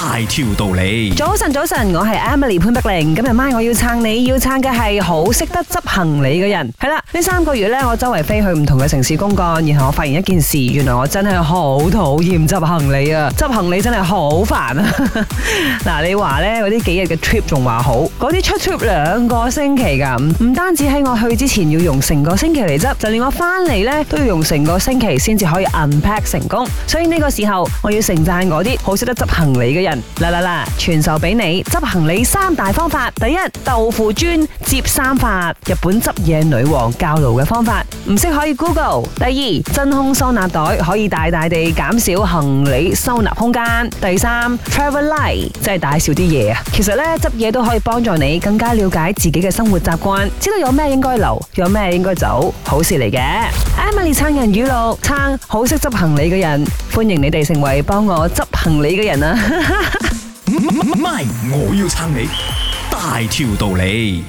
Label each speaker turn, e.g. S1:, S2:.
S1: 大條道理，早晨早晨，我係 Emily 潘碧玲。今日晚我要撐你要撐嘅係好識得執行李嘅人。係啦，呢三個月呢，我周圍飛去唔同嘅城市公幹。然後我發現一件事，原來我真係好討厭執行李啊！執行李真係好煩啊！嗱， 你話呢，嗰啲幾日嘅 trip 仲話好，嗰啲出 trip 兩個星期噶，唔單止喺我去之前要用成個星期嚟執，就連我翻嚟呢，都要用成個星期先至可以 unpack 成功。所以呢個時候，我要承讚嗰啲好識得執行李嘅人。啦啦啦！傳授俾你執行李三大方法：第一，豆腐磚接三法，日本執嘢女王教路嘅方法，唔識可以 Google；第二，真空收納袋可以大大地減少行李收納空間；第三，Travel Light 即係帶少啲嘢啊。其實呢，執嘢都可以幫助你更加了解自己嘅生活習慣，知道有咩應該留，有咩應該走，好事嚟嘅。Emily 撐人語錄，撐好識執行李嘅人，歡迎你哋成為幫我執。唔理嘅人啊，哈哈、嗯，唔、嗯、係我要撐你，大條道理。